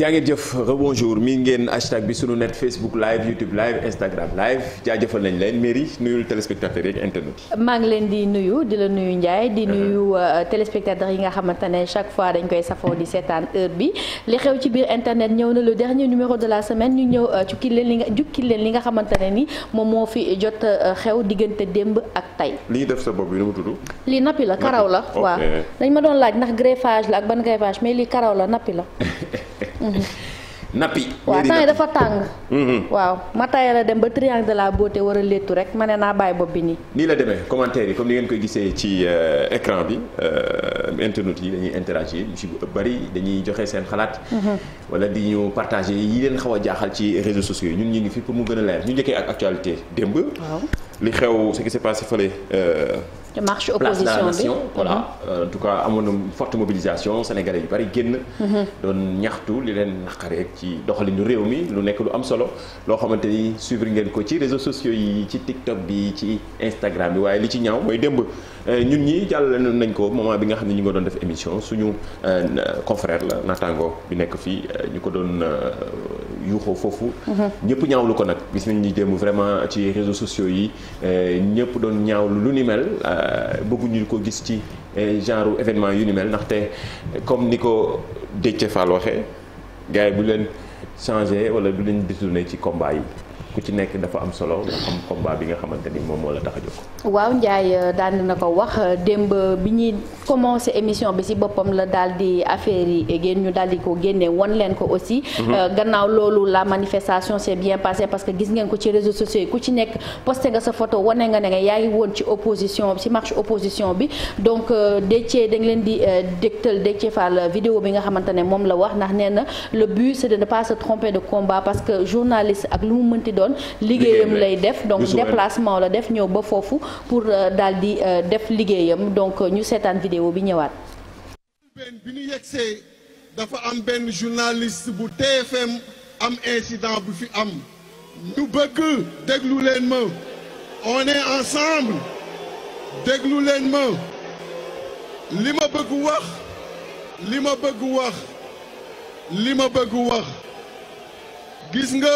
jaa ngeen jëf rebonjour mii ngeen hashtag bi sunu net Facebook live YouTube live Instagram live jaajëfal nañ leen mairie nuyul téléspectateurs yeeg internet maa ngi leen di nuyu di la nuyu Ndiaye di nuyu euh, téléspectateurs yi nga xamante ne chaque fois dañ koy safoo di seetaan heure bi li xew ci biir internet ñëw na le dernier numéro de la semaine ñu ñëw euh, jukki leen li nga jukki leen li nga xamante ne ni moom moo fi jot euh, xew diggante démb ak tey li def sa bopp bi nu mu tudd lii nappi la karaw la waaw dañ ma doon laaj ndax greffage la ak ban greffage mais lii karaw la nappi la Mhm. nappi. waaw temps yi dafa tàng. Mhm. waaw ma tayal a dem ba triangle de la war a léttu rek ma ne naa bàyyi bopp bi nii. nii la demee commentaire yi comme ni ngeen koy gisee ci euh, écran bi euh, internet yi dañuy interagir lu si bëri dañuy joxe seen xalaat. Mhm. wala di ñu partager yi leen xaw a jaaxal ci réseaux sociaux yi ñun ñu ngi fi pour mu gën a leer ñu njëkkee ak actualité démb. waaw li xew ce qui s'est passé fële. te euh, marche opposition bi mhm. euh, en tout cas amoon na forte mobilisation sénégalais yu bari génn. Mhm. doon ñaxtu li leen naqareeg ci doxalinu réew mi lu nekk lu am solo loo xamante ni suivre ngeen ko ci réseaux sociaux yi ci TikTok bi ci Instagram bi waaye li ci ñaaw mooy démb. Euh, ñun ñi jàllale nañ ko moment bi nga xam ne ñu ngi doon def émission suñu euh, confrère la naataango bi nekk fii euh, ñu ko doon yuuxoo foofu. Mhm. ñëpp ñaawlu ko nag gis nañ ni démb vraiment ci réseaux sociaux yi ñëpp doon ñaawlu lu ni mel bëgguñu ko gis ci genre événement yu ni mel ndaxte comme ni ko Déthié Fall waxee gars yi bu leen changé wala bu leen détourné ci combat yi. ku ci nekk dafa am solo nga am combat bi nga xamante moom la euh, na ko wax euh, démb bi ñuy commencé émission bi ci boppam la daal di affaire yi génn daal di ko génne won leen ko aussi. Mhm. Euh, gannaaw loolu la manifestation s'est bien passée parce que gis ngeen ko ci réseaux sociaux ku ci nekk posté nga sa photo wane nga ne nga yaa ngi woon ci opposition ci marche opposition bi donc Déthié dañ leen di dégtal Déthié Fall vidéo bi nga ne moom la wax ndax ne tromper de combat parce que journaliste ak lu mu mënti doon doon liggéeyam lay def donc déplacement la def ñëw ba foofu pour euh, daal di euh, def liggéeyam donc euh, ñu seetaan vidéo bi ñëwaat bi ñu yegsee dafa am benn journaliste bu TFM am incident bu fi am ñu bëgg déglu leen ma on ensemble déglu leen ma li ma bëgg wax li ma bëgg wax gis nga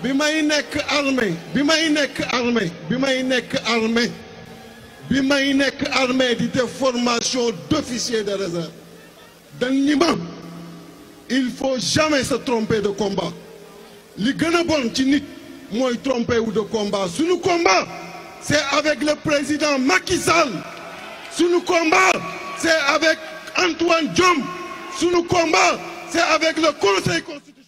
bi may nekk armée bi may nekk armée bi may nekk armée bi may nekk armée di def formation d'officier de réserve dañ ni il faut jamais se tromper de combat li gën a bon ci nit mooy tromper wu de combat suñu combat c'est avec le président Macky Sall suñu combat c'est avec Antoine Diome suñu combat c'est avec le Conseil constitutionnel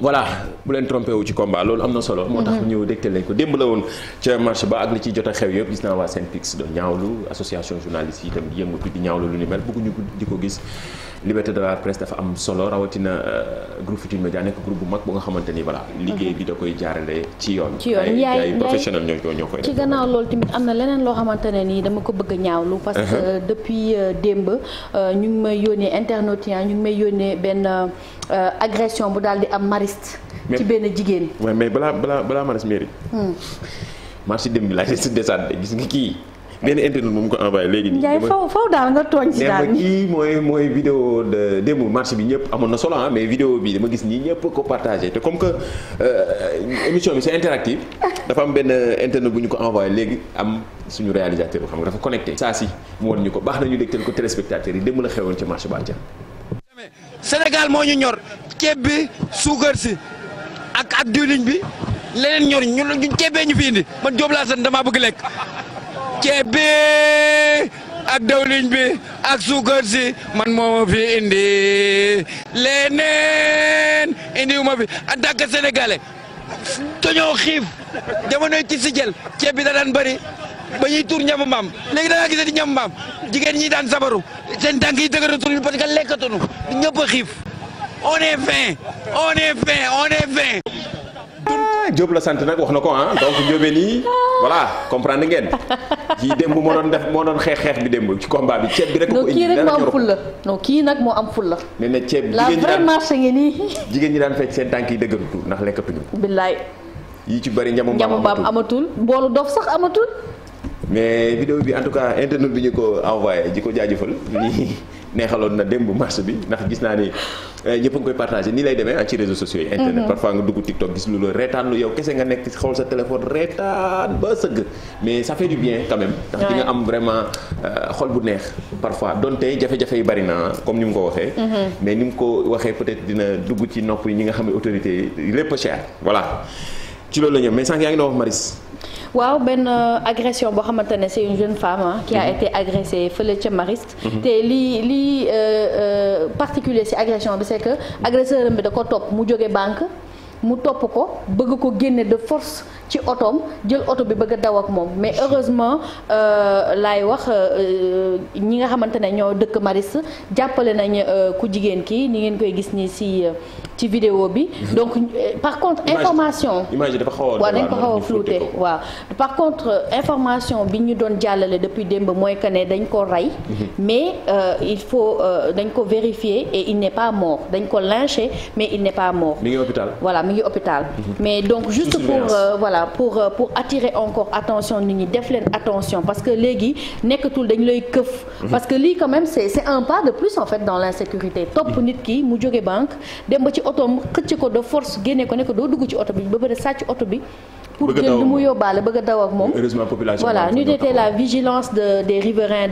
voilà bu leen trompé wu ci combat loolu am na solo. moo tax mhm. ñu dégtal leen ko démb la woon ca marché ba ak li ci jot a xew yëpp gis naa waa SYNPICS do ñaawlu association journaliste yi itam di yëngatu di ñaawlu lu ni mel bëgguñu di ko gis. liberté de la presse dafa am solo rawatina euh, groupe Futurs Médias nekk groupe bu mag bu nga xamante ni liggéey bi da koy jaarale ci yoon. ci yoon yaay professionnel ñoo ko ñoo koy ci gannaaw loolu tamit am na leneen loo xamante ne nii dama ko bëgg a ñaawlu. parce que uh-huh. depuis euh, démb euh, ñu ngi may yónnee internautes ñu ngi may yónnee benn agression bu daal di am mariste. ci benn jigéen. mais balaa balaa balaa mariste mairie. Hmm. marché démb bi laa gis desaat gis nga kii. benn internet moom ko envoyé léegi nii. Ndiaye faw daal nga tooñ si daal kii mooy mooy vidéo de démb marché bi ñëpp amoon na solo ah mais vidéo bi dama gis nii ñëpp ko partagé te comme que euh, émission bi c'est interactive dafa am benn internet bu ñu ko envoyé léegi am suñu réalisateur bu xam nga dafa connecté. saa si mu woon ñu ko baax nañu dégtal ko téléspectateurs yi démb la xewoon ci marché Bantia. Sénégal moo ñu ñor ceeb bi suukar si ak ak diwlin bi leneen ñor ñu ceebee ñu fi indi man laa damaa bëgg lekk. ceeb bi ak dawliñ bi ak suukar si man mooma fi indi leneen indi ma fi en tant que sénégalais xiif jamonoy ci si jël ceeb bi da daan bëri ba ñuy tuur ñamu maam léegi da ngaa gisati ñamu maam jigéen ñi daan sabaru seen tànk yi dëgëratuñu parce que lekkatuñu ñëpp a xiif on est fin on est fin ah la sant nag wax na ko ah donc Diobéen yi voilà comprendre ngeen ji démb moo doon def moo doon xeex xeex bi démb ci combat bi ceeb bi rek. ko indi kii rek moo am fulla non kii nag moo am fulla. nee jigéen ñi daan la vraie marché ngi nii. jigéen ñi daan fecc seen tànk yi dëgërutul ci bëri njamu mbaam amatul njamu amatul mboolu dof sax amatul. mais vidéo bi en tout cas internet bi ñu ko envoyé ji ko jaajëfal. neexaloon na démb marché bi ndax gis naa ni eh, ñëpp a ngi koy partagé nii lay demee ah ci réseaux sociaux yi. internet mhm. parfois nga dugg TikTok gis lu la reetaan lu yow kese nga nekk xool sa téléphone reetaan ba sëgg mais ça fait du bien quand même. ndax di nga am vraiment euh, xol bu neex. parfois donte jafe-jafe yi bari na ah, comme ni mu ko waxee. Mhm. mais ni mu ko waxee peut-être dina dugg ci nopp yi ñi nga xam ne autorité yi lépp cher voilà ci loolu la ñu mais sànq yaa ngi doon wax Maris. waaw benn euh, agression boo xamante ne c'est une jeune femme ah. qui a mhm. été agressée fële ca Mariste. Mhm. te lii lii euh, euh, particulier ci agression bi c'est que agresseur bi da ko topp mu jóge banque. mu topp ko bëgg ko génne de force ci otoom jël oto bi bëgg a daw ak moom mais heureusement lay wax ñi nga xamante ne ñoo dëkk Maris jàppale nañ ku jigéen ki ni ngeen koy gis nii si ci vidéo bi. donc euh, par contre information. image par contre euh, information bi ñu doon jàllale depuis démb mooy que ne dañ koo rey. Mhm. mais euh, il faut dañ ko vérifier et il n'est pas mort dañ ko lynché mais il n'est pas mort. mi ngi hôpital mhm. mais donc juste pour voilà pour pour attirer encore attention ni ñu def leen attention parce que léegi nekkatul dañ lay këf. Mhm. parce que lii quand même c'est c'est un pas de plus en fait dans l'insécurité topp nit ki mu joge banque dem ci oto otoom xëcc ko de force génne ko ne ko doo dugg ci oto bi ba bëri sàcc oto bi. pour jël lu mu yóbbaale bëgg a daw ak moom. heureusement population voilà ñu détee la vigilance de des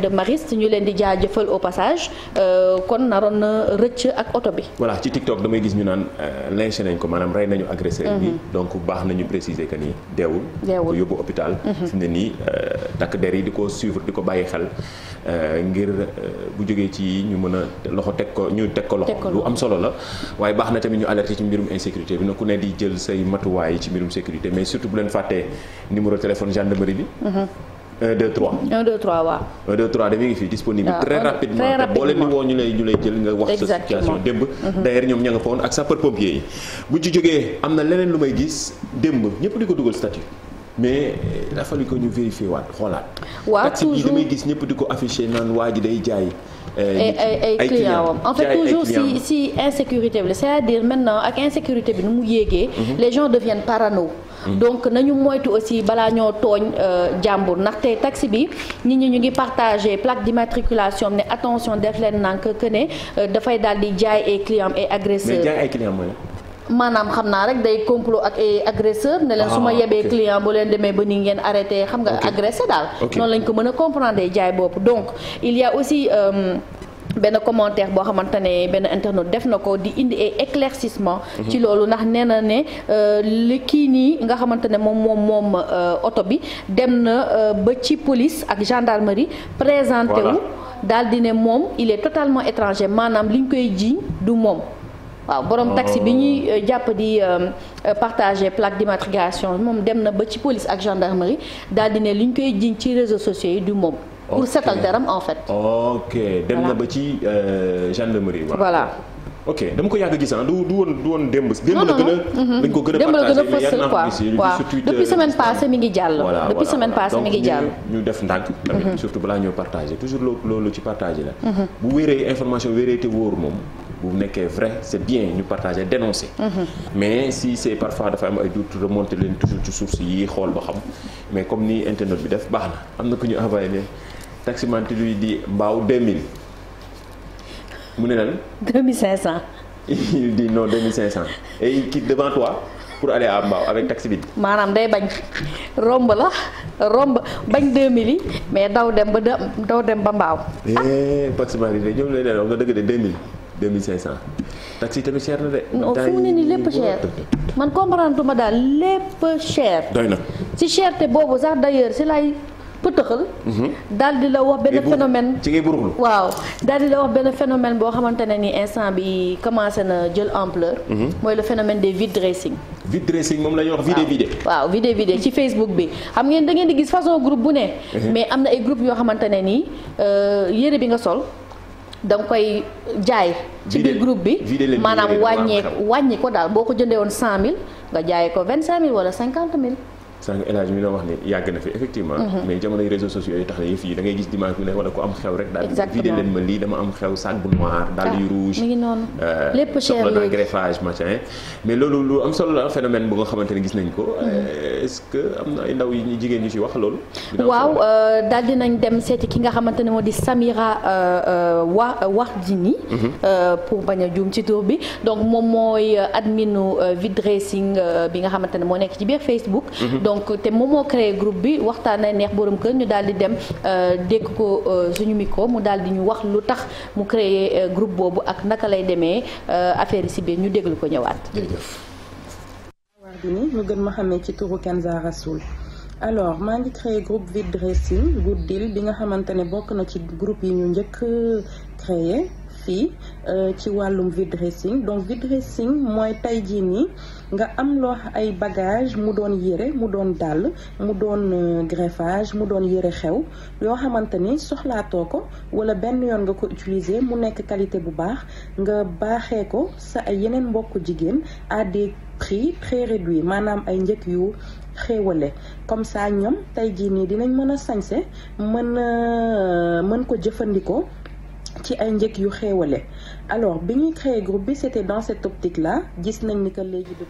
de Mariste ñu leen di jaajëfal au passage euh, kon naroon na rëcc ak oto bi. wala ci TikTok damay gis ñu naan euh, lynché nañ ko maanaam rey nañu agresseur bi. Mhm. donc baax nañu préciser que ni deewul. deewul yóbbu hôpital. Mhm. fi mu ne nii euh, takk der yi di ko suivre di ko bàyyi xel. Euh, ngir euh, bu jógee ci ñu mën a loxo teg ko ñu teg ko loxo lu am solo la waaye baax na tamit ñu alerté ci mbirum insécurité bi na ku nee di jël say matuwaay ci mbirum sécurité mais surtout bu leen fàttee numéro téléphone gendarmerie bi 1 2 3 1 2 3 waaw. ngi fi disponible. waaw ah, très rapidement te boo leen woo ñu lay ñu lay jël nga wax. sa situation démb. Mhm. d'ailleurs ñoom ña nga fa woon ak pompier yi. bu ci jógee am na leneen lu may gis démb ñëpp di ko dugal statut. mais il ñu vérifier waat xoolaat. waaw toujours taxi bi damay gis ñëpp di ko affiché naan waa ji day jaay. Euh, ay ay clients am en fait toujours si insécurité bi la c'est-à-dire maintenant ak insécurité bi nu mu yéegee. Mhm. les gens deviennent parano. Mhm. donc nañu moytu aussi balaa ñoo tooñ euh, jàmbur ndaxte taxi bi nit ñi ñu ngi partagé plaque d'immatriculation ne attention def leen nànk que euh, dafay daal di jaay ay clients ay agresseurs. mais jaay ay clients mooy. maanaam xam naa rek day complot ak ay agresseur ne leen su ma ah, yebee client bu leen demee ba nii ngeen arrêté xam nga agressé daal noonu lañ ko mën a comprendre jaay bopp donc il y aussi euh, benn commentaire boo xamante ne benn internaute def na ko di indi ay éclaircissement mhm. ci loolu ndax nee na ne euh, li kii nii nga xamante ne moom moom moom euh, oto bi dem na ba ci police ak gendarmerie présenté wu daal di ne moom il est totalement étranger maanaam li ñu koy jiiñ du moom waaw borom taxi bi ñuy oh. euh, jàpp di euh, euh, partager plaque d'immatriculation moom dem na ba ci police ak gendarmerie daal di ne li ñu koy jiñ ci réseaux sociaux yi du moom. pour setal deram en fait. ok dem na ba ci gendarmerie. voilà. ok dama ko yàgg gis ah du du woon du woon démb. Mhm. démb la gën a dañ ko gën a partagé mais yàgg naa ko gis depuis semaine passée mi ngi jàll. depuis semaine passée mi ngi jàll. ñu def ndànk. Mhm. surtout balaa ñoo partagé toujours loolu ci partagé la. Mhm. bu wéree information wéree bu nekkee vrai c' bien ñu partager dénoncer. Mhm. mais si c' est parfois dafa am ay doute remonter leen toujours ci source yi xool ba xam mais comme ni internet bi def baax na am na ku ñu envoyé ne taximan ti luy di mbaaw 2000 mu ne lan. 2500. il dit non 2500 et il quitte devant toi. pour aller à Mbao avec taxi maanaam day bañ romb la romb bañ 2000 yi mais daw dem ba daw dem ba Mbao. ah eh bi ñoom lay ne la wax nga dëgg de 2000. 2500 taxi tamit cher na de. non fu mu ne nii lépp cher man comprendre tuma daal lépp cher. doy na ci cherté boobu sax d'ailleurs si lay pëtëxal. Mhm. daal di la wax benn phénomène. ci ngay buruxlu waaw daal di la wax benn phénomène boo xamante ne nii instant bi commencé na jël ampleur. Mhm. mooy la phénomène des vide dressing. vide dressing moom la ñuy wax. vidé vidé waaw vidé vidé ci Facebook bi xam ngeen da ngeen di gis façon groupe bu ne. Mhm. mais am na ay groupe yoo xamante ne nii euh, yére bi nga sol. da koy jaay. ci biir groupe bi maanaam wàññee wàññi ko daal boo ko jëndee woon 100000 nga jaayee ko 25000 wala 50000. sànq élage mi la wax ni yàgg na fi effectivement mhm. mais jamonoy réseaux sociaux yi tax na yi da ngay gis dimanche bu ne wala ko am xew rek daal vidé leen ma lii ah, euh, solo la phénomène bu nga xamante gis nañ ko mhm. euh, est am na ay ndaw yi ñu jigéen ñu ci wax loolu waaw euh, daal dinañ dem seeti ki nga xamante ne moo di Samira wa Wardini mhm. pour bañ a juum ci tur bi donc moom mooy adminu vide dressing bi nga xamante ne moo nekk ci biir Facebook donc te moom moo créé groupe bi waxtaan neex boroom kër ñu daal di dem euh, dégg ko euh, suñu micro mu daal di ñu wax lu tax mu créé euh, groupe boobu ak naka lay demee affaire yi si ñu déglu ko ñëwaat. jërëjëf. waaw bi ni gën ma xamee ci turu Kenza Rasoul alors maa ngi créé groupe vide dressing good bi nga xamante ne bokk na ci groupe yi ñu njëkk créé fii ci wàllum vide dressing donc vide dressing mooy tey jii nii. nga am loo ay bagage mu doon yére mu doon dàll mu doon euh, greffage mu doon yére xew yoo xamante ni soxlaatoo ko wala benn yoon nga ko utiliser mu nekk qualité bu baax nga baaxee ko sa ay yeneen mbokk jigéen à des prix très réduit maanaam ay njëg yu xéwale comme ça ñoom tey jii nii dinañ mën a sañse mën a mën ko jëfandikoo ci ay njëg yu xéewale alors bi ñuy créé groupe bi c'était dans cette optique la gis nañ ni que léegi de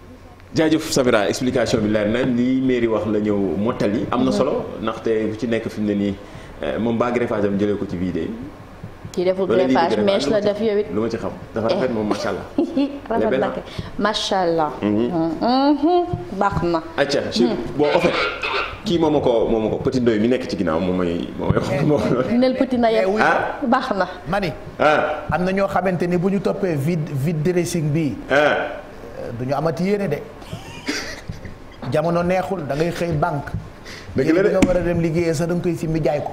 jaajëf Samira explication bi leer na lii mairie wax la ñëw yi am na mhm. solo ndaxte ku ci nekk fi mu ne nii eh, moom baa greffage am jëlee ko ci vidéo kii deful greffage mèche la def yow lu ma ci xam dafa rafet moom macha allah. na macha allah. Mhm. Mhm. baax na. acca kii moom ko moom ko mi nekk ci ginnaaw moom mooy moom mooy. nel petit na yeeg eh ah. baax na. mani ah. am na ñoo xamante ni bu ñu toppee vide vide dressing bii. Ah. Euh, du ñu amati yéene de. jamono neexul da ngay xëy banque. dëgg la de nga war a dem liggéeye sax da nga koy simbi jaay ko.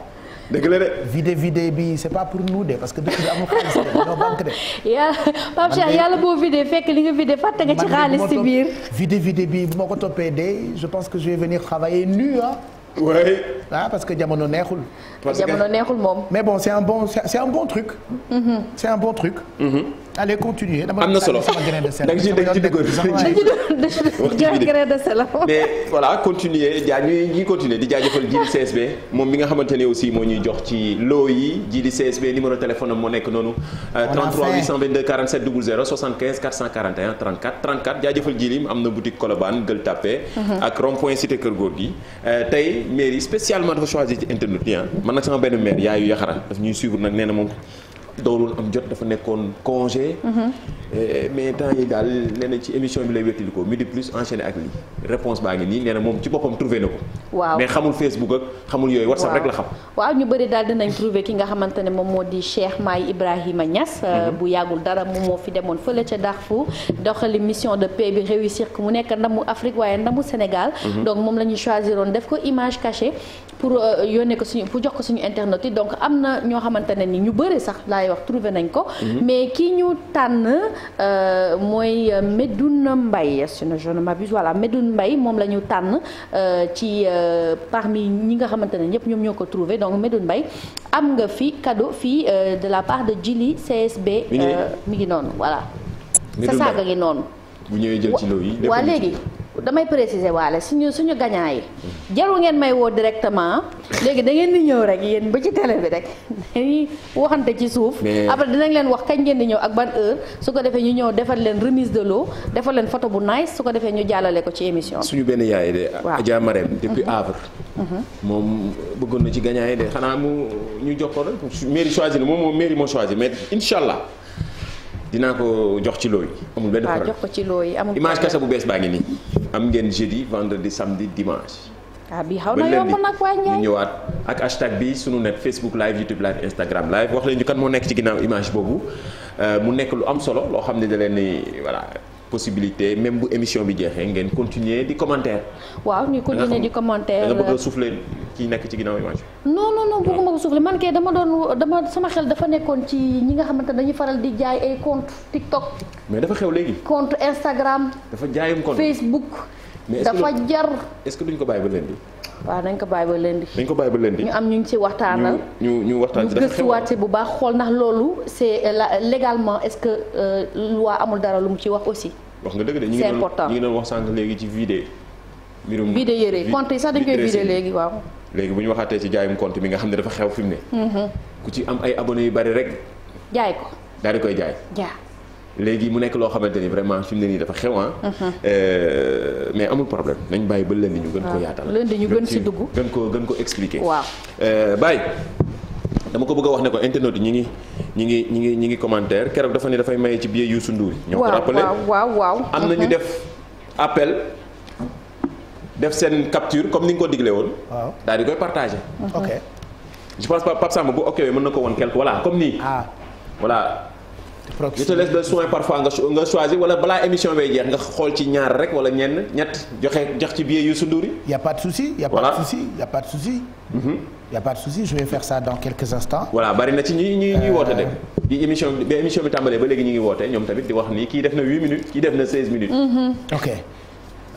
dëgg la de. vidé vidé bi c'est pas pour nous de parce que dëkk bi amul xaalis de ñoo banque de. yaa Pape yàlla boo vidé fekk li nga vidé fàtte nga ci xaalis ci biir. vidé vidé bi bu ma ko toppee de je pense que je vais venir travailler nu ah. oui. ah parce que jamono neexul. jamono neexul moom. mais bon c'est un bon c'est un bon truc. c'est un bon truc. Mm-hmm. Mm-hmm. allez continuer dama am na solo da nga ciy da mais voilà continuer jaa ñuy ñuy continuer di jaajëfal jiili CSB moom mi nga xamante ne aussi moo ñuy jox ci loo yi jiili CSB numéro téléphone am moo nekk noonu. 33 822 47 00 75 441 34 34 jaajëfal jiili am na boutique Colobane Gueule Tapée. Mm-hmm. ak rond point cité Kër Gorgui euh, tey mairie spéciale. spécialement dafa choisir ci internet yi ah. man nag sama benn mère yaayu yaxara daf ñuy suivre nag nee na moom dawlul am jot dafa nekkoon congé. Mhm. Eh, mais temps yi daal nee na ci émission bi lay wétali ko midi plus enchaîné ak lii réponse baa ngi nii nee na moom ci boppam trouvé na ko. waaw mais xamul Facebook ak xamul yooyu WhatsApp rek la xam. waaw ñu bëri daal dinañ trouvé ki nga xamante moom moo di Cheikh Maay Ibrahima Niass. Euh, mhm. bu yàggul dara moom moo fi demoon fële ca Darfour doxali mission de paix bi réussir ko mu nekk ndamu Afrique waaye ndamu Sénégal. Mhm. donc wax trouvé nañ ko. Mhm. mais ki ñu tànn euh, mooy euh, Medoune Mbaye si je ne m'abuse voilà Medoune mbay moom la ñu tànn euh, ci parmi ñi nga xamante ne ñëpp ñoom ñoo ko trouvé donc Medoune mbay am nga fi cadeau fii de la part de Jili CSB. mi ngi noonu voilà. sa saaga ngi noonu. bu ñëwee jël ci loo waa léegi. damay préciser waale suñu suñu gagnant yi jarul ngeen may woo directement léegi da ngeen di ñëw rek yéen ba ci télé bi rek dañuy waxante ci suuf après dinañ leen wax kañ ngeen di ñëw ak ban heure su ko defee ñu ñëw defal leen remise de l'eau defal leen photo bu nice su ko defee ñu jàllale ko ci émission suñu benn yaay de Adja Marème depuis mhm. Havre mhm. moom bëggoon na ci gagnant yi de xanaa mu ñu jox ko rek mairie choisir moom moom mairie moo choisir mais incha allah dinaa ko jox ci loo yi amul benn problème jox ko ci loo yi amul image kasa bu bees baa ngi nii am ngeen jeudi vendredi samedi dimanche. ah bi xaw na yomb nag waa ñu ñëwaat ak hashtag bi sunu net Facebook live YouTube live Instagram live wax leen ñu kan moo nekk ci ginnaaw image boobu euh, mu nekk lu am solo loo xam ne da leen ni voilà. possibilité même bu émission bi jeexee ngeen continuer di commentaire. waaw ñu continuer di commentaire da bëgg a souffler kii nekk ci ginnaaw image non non non bëgguma ko souffler man kay dama doon dama sama xel dafa nekkoon ci ñi nga xamante dañuy faral di jaay ay compte TikTok. mais dafa xew léegi. compte Instagram. dafa jaayum compte Facebook. dafa jar est-ce que duñ ko bàyyi ba lundi. waaw dañ ko bàyyi ba lundi. dañ ko bàyyi ba lundi ñu am ñu ngi ci waxtaanal. ñu ñu waxtaan ci dafa bu baax xool ndax loolu c'est légalement est-ce que euh, loi amul dara lu mu ci wax aussi. wax nga dëgg de ñu ngi doon ñu ngi doon wax sànq léegi ci vidé. mbirum vidé yére compte yi sax dañ koy vidé léegi waaw. léegi bu ñu waxaatee ci jaayum compte bi nga xam ne dafa xew fi mu ne. Mhm. ku ci am ay abonné yu bari rek. jaay ko daal di koy jaay. jaay léegi mu nekk loo xamante ni vraiment fi mu ne nii dafa xew ah. Mhm. Euh, mais amul problème nañ bàyyi ba lënd ñu gën ko ah, yaatal. lënd ñu gën si dugg gën ko gën ko expliquer. waaw euh, Baye dama ko bëgg a wax ne ko internet yi ñu ngi. ñi ngi ñi ngi ñi ngi commentaire keroog dafa ne dafay maye ci billet Youssou Ndour ñoo ko rappelé waaw waaw am na ñu mhm. def appel def seen capture comme ni nga ko digle woon daal di koy partagé ok je pense pas Pape Samba bu ok mën na ko woon quelque voilà comme nii ah. voilà je te laisse le soin parfois nga choisir wala balaa émission bay jeex nga xool ci ñaar rek wala ñenn ñett joxe jox ci billet Youssou Ndour yi. y' a pas de souci y' a pas de souci y' a pas de mhm. dans quelques instants. voilà bari ci ñi ñi ñuy euh, woote de. di émission bi ba émission tàmbalee ba léegi ñu ngi woote ñoom tamit di wax ni kii def na 8 minutes kii def na 16 minutes. Mhm. ok.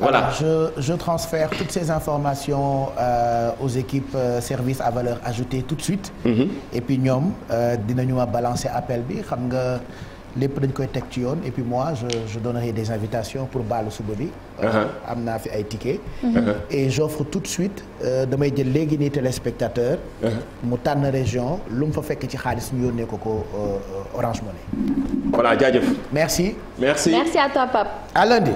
voilà Alors, je je transfère toutes ces informations euh, aux équipes euh, service à valeur ajoutée tout de suite. Mhm. et puis ñoom euh, dinañu ma balancer appel bi xam nga lépp dañ koy teg ci yoon et puis moi je je des invitations pour bal suba bi. Euh, uh-huh. am naa fi ay tickets. Uh-huh. et j'offre tout de suite euh, damay jël léegi nii téléspectateur. Uh-huh. mu tànn région lu mu fa fekk ci xaalis ñu yónnee ko ko Orange Money. voilà jaajëf. merci. merci merci à toi Pape. à lundi.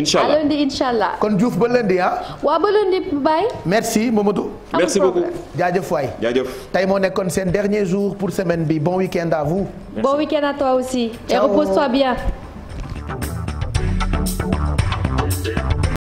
incha allah à lundi incha allah kon Diouf ba lundi ah. waaw ba lundi Baye. merci Mamadou. merci beaucoup jaajëf waay. jaajëf tey moo nekkoon seen dernier jour pour semaine bi bon week-end à vous. Merci. bon week-end à toi aussi. Ciao. et repose-toi